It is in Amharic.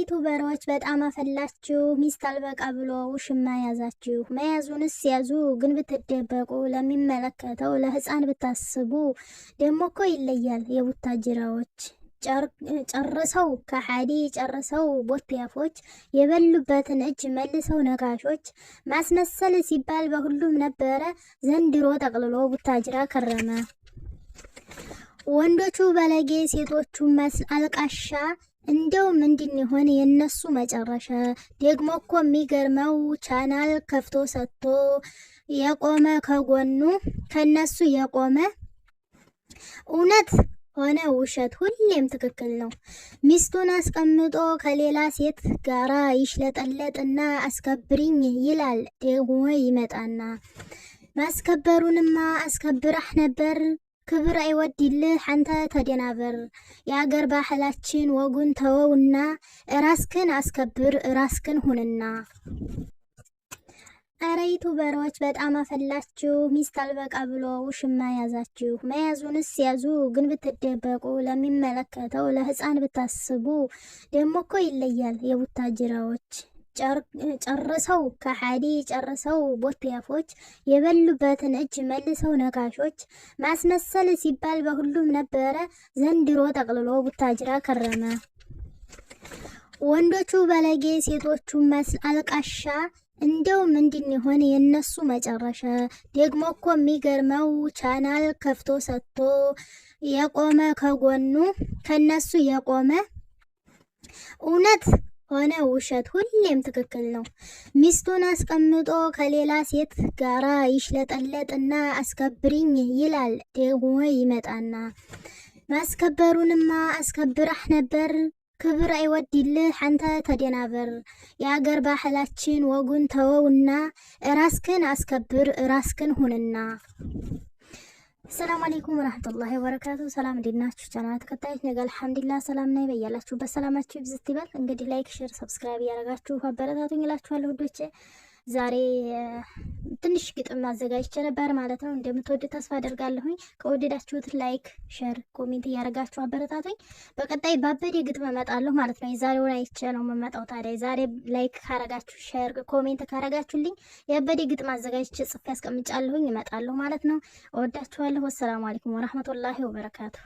ዩቱበሮች በጣም አፈላችሁ። ሚስት አልበቃ ብሎ ውሽማ ያዛችሁ። መያዙንስ ያዙ፣ ግን ብትደበቁ፣ ለሚመለከተው ለህፃን ብታስቡ ደሞ እኮ ይለያል። የቡታጅራዎች ጨርሰው ከሓዲ ጨርሰው ቦቲያፎች የበሉበትን እጅ መልሰው ነጋሾች። ማስመሰል ሲባል በሁሉም ነበረ፣ ዘንድሮ ጠቅልሎ ቡታጅራ ከረመ። ወንዶቹ በለጌ ሴቶቹ አልቃሻ እንደው ምንድን የሆነ የነሱ መጨረሻ ደግሞ እኮ የሚገርመው ቻናል ከፍቶ ሰጥቶ የቆመ ከጎኑ ከነሱ የቆመ እውነት ሆነ ውሸት ሁሌም ትክክል ነው። ሚስቱን አስቀምጦ ከሌላ ሴት ጋራ ይሽለጠለጥና አስከብሪኝ ይላል። ደግሞ ይመጣና ማስከበሩንማ አስከብራህ ነበር ክብር አይወድልህ አንተ ተደናበር። የአገር ባህላችን ወጉን ተወውና ራስክን አስከብር ራስክን ሁንና። አረይቱ በሮች በጣም አፈላችሁ። ሚስት አልበቃ ብሎ ውሽማ ያዛችሁ። መያዙንስ ያዙ ግን ብትደበቁ፣ ለሚመለከተው ለህፃን ብታስቡ ደሞ እኮ ይለያል የቡታጅራዎች ጨርሰው ከሓዲ ጨርሰው ቦቴፎች የበሉበትን እጅ መልሰው ነጋሾች። ማስመሰል ሲባል በሁሉም ነበረ፣ ዘንድሮ ጠቅልሎ ቡታጅራ ከረመ። ወንዶቹ በለጌ ሴቶቹ አልቃሻ። እንደው ምንድን ይሆን የነሱ መጨረሻ? ደግሞ እኮ የሚገርመው ቻናል ከፍቶ ሰጥቶ የቆመ ከጎኑ ከነሱ የቆመ እውነት ሆነ ውሸት ሁሌም ትክክል ነው። ሚስቱን አስቀምጦ ከሌላ ሴት ጋራ ይሽለጠለጥና አስከብሪኝ ይላል። ደግሞ ይመጣና ማስከበሩንማ አስከብራህ ነበር ክብር አይወድልህ አንተ ተደናበር። የአገር ባህላችን ወጉን ተወውና ራስክን አስከብር ራስክን ሁንና አሰላሙ አለይኩም ወራህመቱላሂ ወበረካቱ። ሰላም እንዴት ናችሁ? ቻናል ተከታዮች ነገ አልሐምዱሊላህ ሰላም ነኝ። በያላችሁበት ሰላማችሁ ይብዛት ይበል። እንግዲህ ላይክ፣ ሼር፣ ሰብስክራይብ እያደረጋችሁ አበረታቱኝ እላችኋለሁ ውዶቼ። ዛሬ ትንሽ ግጥም አዘጋጅቼ ነበር ማለት ነው። እንደምትወድ ተስፋ አደርጋለሁኝ። ከወደዳችሁት ላይክ፣ ሸር፣ ኮሜንት እያደረጋችሁ አበረታቱኝ። በቀጣይ ባበዴ ግጥም እመጣለሁ ማለት ነው። የዛሬውን አይቼ ነው የምመጣው። ታዲያ ዛሬ ላይክ ካረጋችሁ፣ ሸር፣ ኮሜንት ካረጋችሁልኝ የአበዴ ግጥም አዘጋጅቼ ጽፌ አስቀምጫለሁኝ። እመጣለሁ ማለት ነው። እወዳችኋለሁ። ወሰላሙ አለይኩም ወረህመቱላሂ ወበረካቱ።